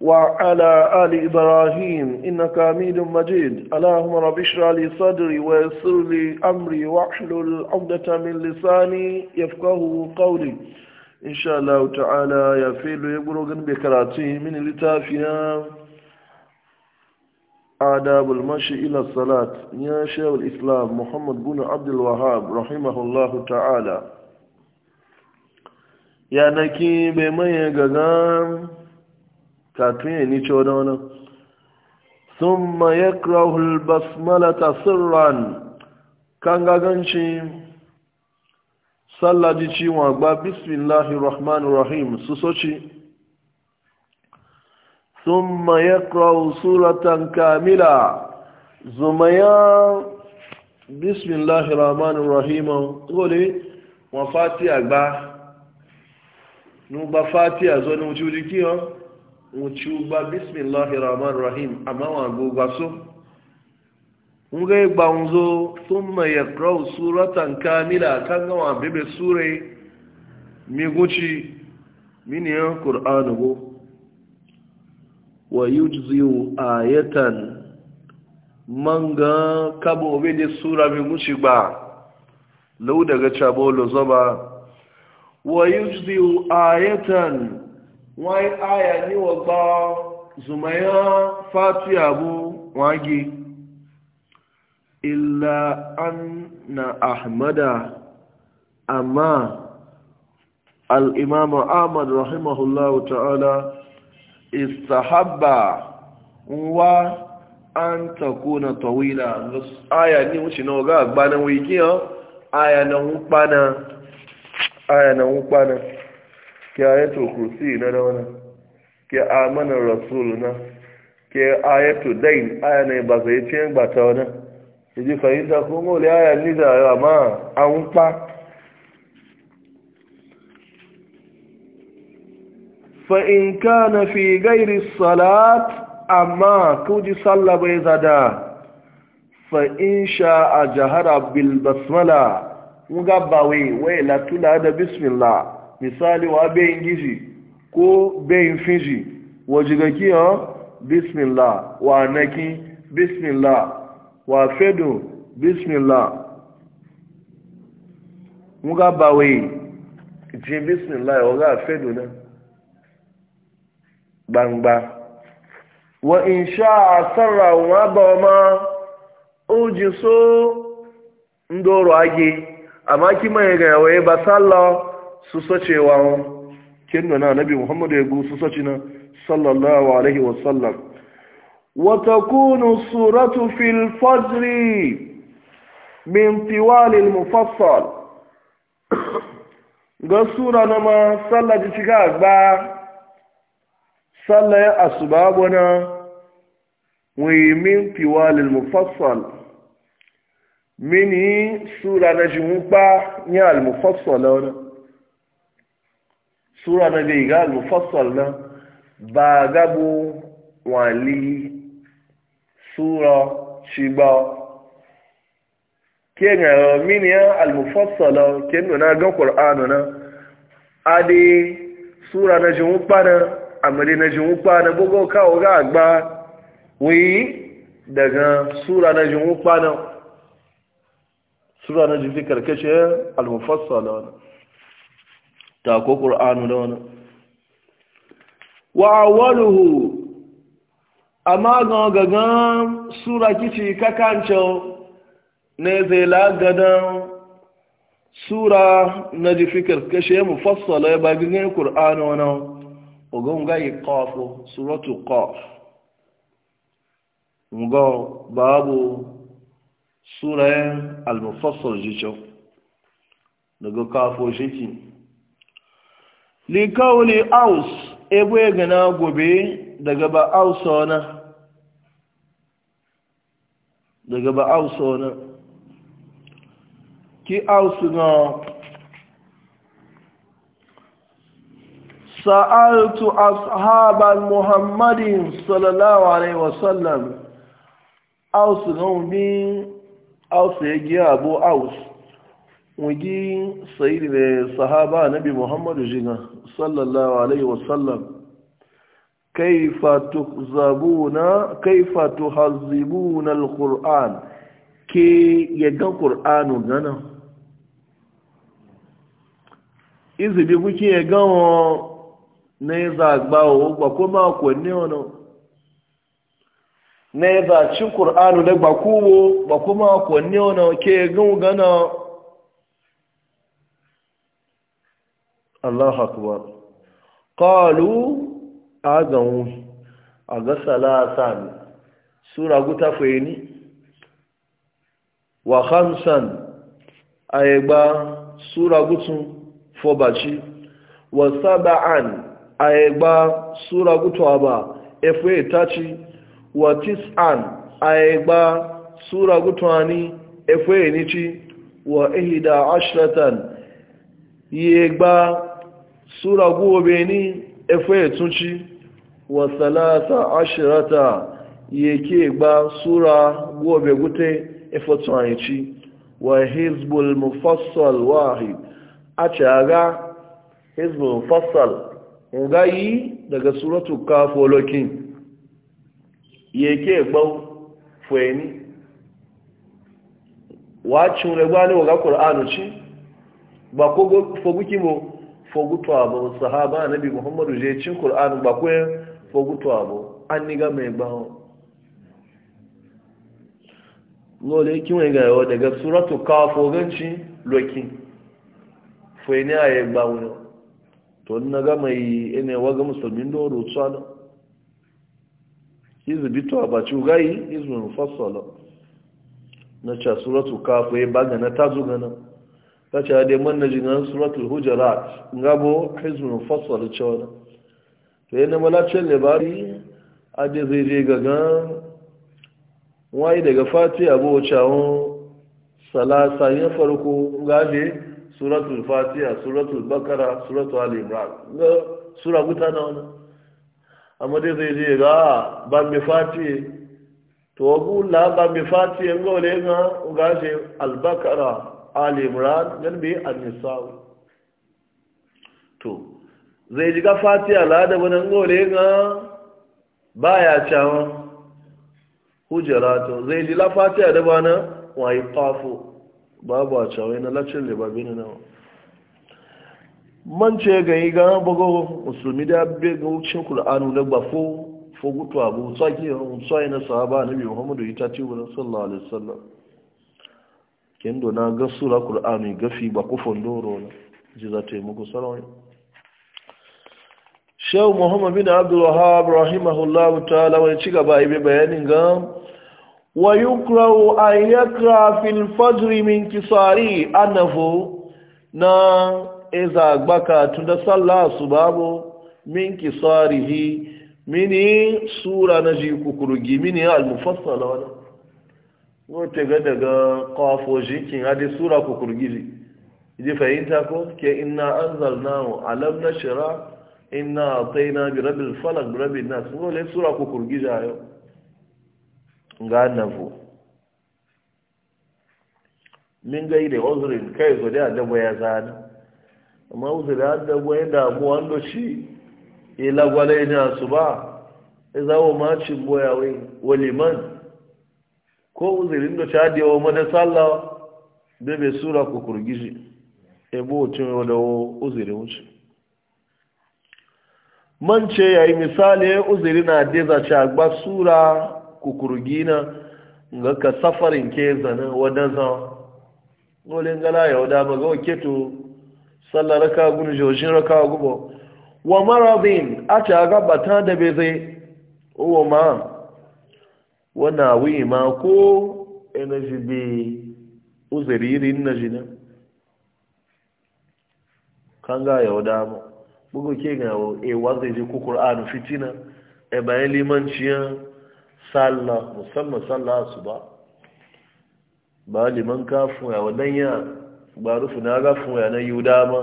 وعلى آل إبراهيم إنك أمين مجيد اللهم رب اشرح لي صدري ويسر لي أمري واحلل عقدة من لساني يفقه قولي إن شاء الله تعالى يا فيل يقولون بكراتي من لتافيا آداب المشي إلى الصلاة يا شيخ الإسلام محمد بن عبد الوهاب رحمه الله تعالى يا نكيب بمن يغغام katun ya ni cewa wani sun ma ya krahul basmala ta sirran kan gaganci sallaji ciwon gba bismillahi rahman rahim su soci sun ma ya krahul suratan kamila zumaya bismillahi rahman rahim gole wa fati agba ní gbà fati àzọ ní ojú orí kí wọn wuci ba bismillahi rahman rahim amma wa gogwa so ngai e gbanzo thumma yaqra'u suratan kamila kan ga wa bebe sure mi guci mini qur'anu go wa yujziu ayatan manga kabo be de sura mi guci ba lau daga chabo lo zoba wa yujziu ayatan wọ́n àyà níwọ̀ gbọ́ zùmọ̀yán fàtíà bú wọ́n gé ilà anna ahmada amma al ahmad rahimahullahu ta'ala istahabba wa an takuna tawila aya ni wuce na ga agbanan wiki aya na wukpana aya na wukpana ke ayatul kursi na da wani ke amanar rasul na ke ayatul dain aya ne ba sai ce ba ta wani ji fahimta ko mole aya ni da ma an pa fa in na fi gairi salat amma ji salla bai zada fa in a jahara basmala mugabbawi wai latula da bismillah misali wa bayin gishi ko bayin finshi wajigaki ha bismillah wa naki bismillah wa fedu bismillah muga bawe ji bismillah wa ga fedu na gbangba wa in sha'a sarra wa ba ma uji so ndoro age amma kima ya ga yawaye ba sallah su sacewa kinna na nabi muhammadu ya gu su saci na sallallahu alaihi wasallam watakunu suratu fil fajri min tiwalil mufassal ga sura na ma sallaji cika gba sallaye asubabu na min tiwalil mufassal mini sura na shi mukpa ni al-mufassal wani sura na bai ga al-mufassal na ba gabu wali sura shiba kenga miniya al-mufassala kendo na ga qur'anu na ade sura na jin upana amade na jin upana bugo kawo ga agba wi daga sura na jin upana sura na jin karkashe al-mufassala ta ko ƙur'anu da wani wa'awaluhu amma gangagan sura kici kakancin ne zai lagadan sura na ji fikir kashe mu fassala ya bagin ƙur'anu wani ogun gayi ƙafo suratu ƙaf ngo babu sura al-mufassal jicin daga kafo shi likauli aus ebe gana gobe daga ba ausona daga ba ausona ki ausuna سألت أصحاب محمد صلى الله aus na أوس نومي أوس يجي أبو wagi sayidi da sahaba nabi muhammadu jina sallallahu alaihi wasallam kaifa tukzabuna kaifa tuhazzibuna alquran ke yagan qur'anu gana izibi kuke yaga ne za gba o gba ko ma ko ne ona ne za ci qur'anu da gba kuwo gba kuma ko ne ona ke gan gana Allah akbar a ga salasa ne, sura guta ni, wa yi gba sura gutun ci. wa sab'an gba sura gutu aba efe ci. wa tis'an gba sura gutu ani efe ci. wa ihda ashratan gba sura gobe ni efe etunci wa salata ashirata yake gba sura gobe gute efe ayici wa hizbul mufassal wahid a caga hizbul mufassal yi daga suratu kafolokin yake gbau wa wacin regbani ga ƙur'anu ci ba kogo foguki mo fogutuwa ba sahaba nabi muhammadu je cin qur'an ba ko fogutuwa ba an ni ga mai ba lole kiwe ga yawa daga suratu kafo ganci lokin fai ne a yi ba wani to na ga mai ene waga musulmin doro tsano izu bito a baci ugayi izu mafasala na ca suratu kafo ya baga na tazo ganin ta ce dai man na jinan suratul hujarat ngabo hizbun fassal cewa to na malacin labari a da zai je gaga wai daga fati abu wucawun salasa ya farko gaje suratul fatiha suratul bakara suratul al-imran ga sura guta na wani amma dai zai je ga ba mai fati to wabu la ba mai fati yan gaule ga gaje al al’imran yan bi bai to zai ji ga fatiha la da wannan gole ga baya cawa hujarato zai ji lafati fatiha da bana wai qafu babu a cawa na lacin libabin na man ce ga yi ga bago musulmi da bai ga wucin qur'anu da bafo fogutu abu tsaki tsaki na sahaba nabi muhammadu ita ce wani sallallahu alaihi wasallam kendo na ga sura qur'ani gafi ba kufon doro na ji za muku sarawai shehu muhammad bin abdul wahab rahimahullah ta'ala wani ci gaba ibe bayanin ga wa yukrahu an yakra fil fajr min kisari anafu na iza gbaka tunda sallah subabu min kisarihi mini sura na ji kukurugi mini al-mufassala wata ga daga kafo jikin hadi sura ku kurgiji ji fahimta ko ke inna anzalnahu alam nashra inna ataina bi rabbil falaq bi rabbin nas ko le sura ku kurgiji ayo ga nafu min gai da uzrin kai zo da da ya zana amma uzrin da ya damu wando shi ila gwale ina suba izawo ma cin boya wai waliman ko uzirin da ta da yawa mada sallah da bai sura ku kurgishi ebo cin yau da uzirin wuce man ce ya yi misali e uziri na deza ci agba sura kurgi na ga ka safarin ke zane wadda zan nole ngala ya wada ba ga waketo sallah raka gun joshin raka gubo wa marabin a ta gabata da bai zai uwa ma wana wi ma ko energy bi uzuririn na jina kan ga yau da mu bugu ke ga e wanda ji ku qur'anu fitina e bayan limanciya sallah musamman sallah su ba liman kafin ya wadan ya ba rufu na gafu ya na yuda ma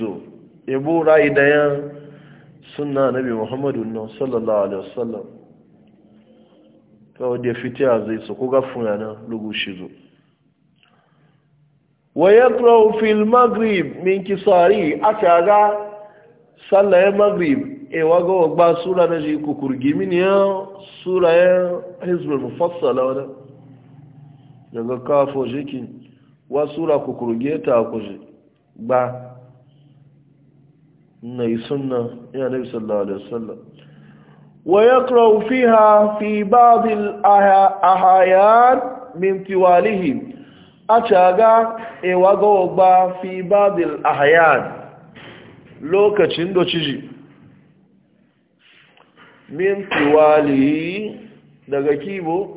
zo ebo rayi da ya nabi muhammadu sallallahu alaihi wasallam kawai da fiti a zai su kuga na lugu shi zo waye ya fil maghrib min kisari a ga sallaye magrib e waga wagba sura na ji kukurgi min ya sura ya hizbul mufassala wani daga kafo jikin wa sura kukurgi ta kuje gba na yi sunna ya nabi sallallahu alaihi wasallam ويقرأ فيها في بعض الأحيان من طوالهم أتاغا إيواغوغبا في بعض الأحيان لوكا لوكاشين دوشيجي من طواله دقا كيبو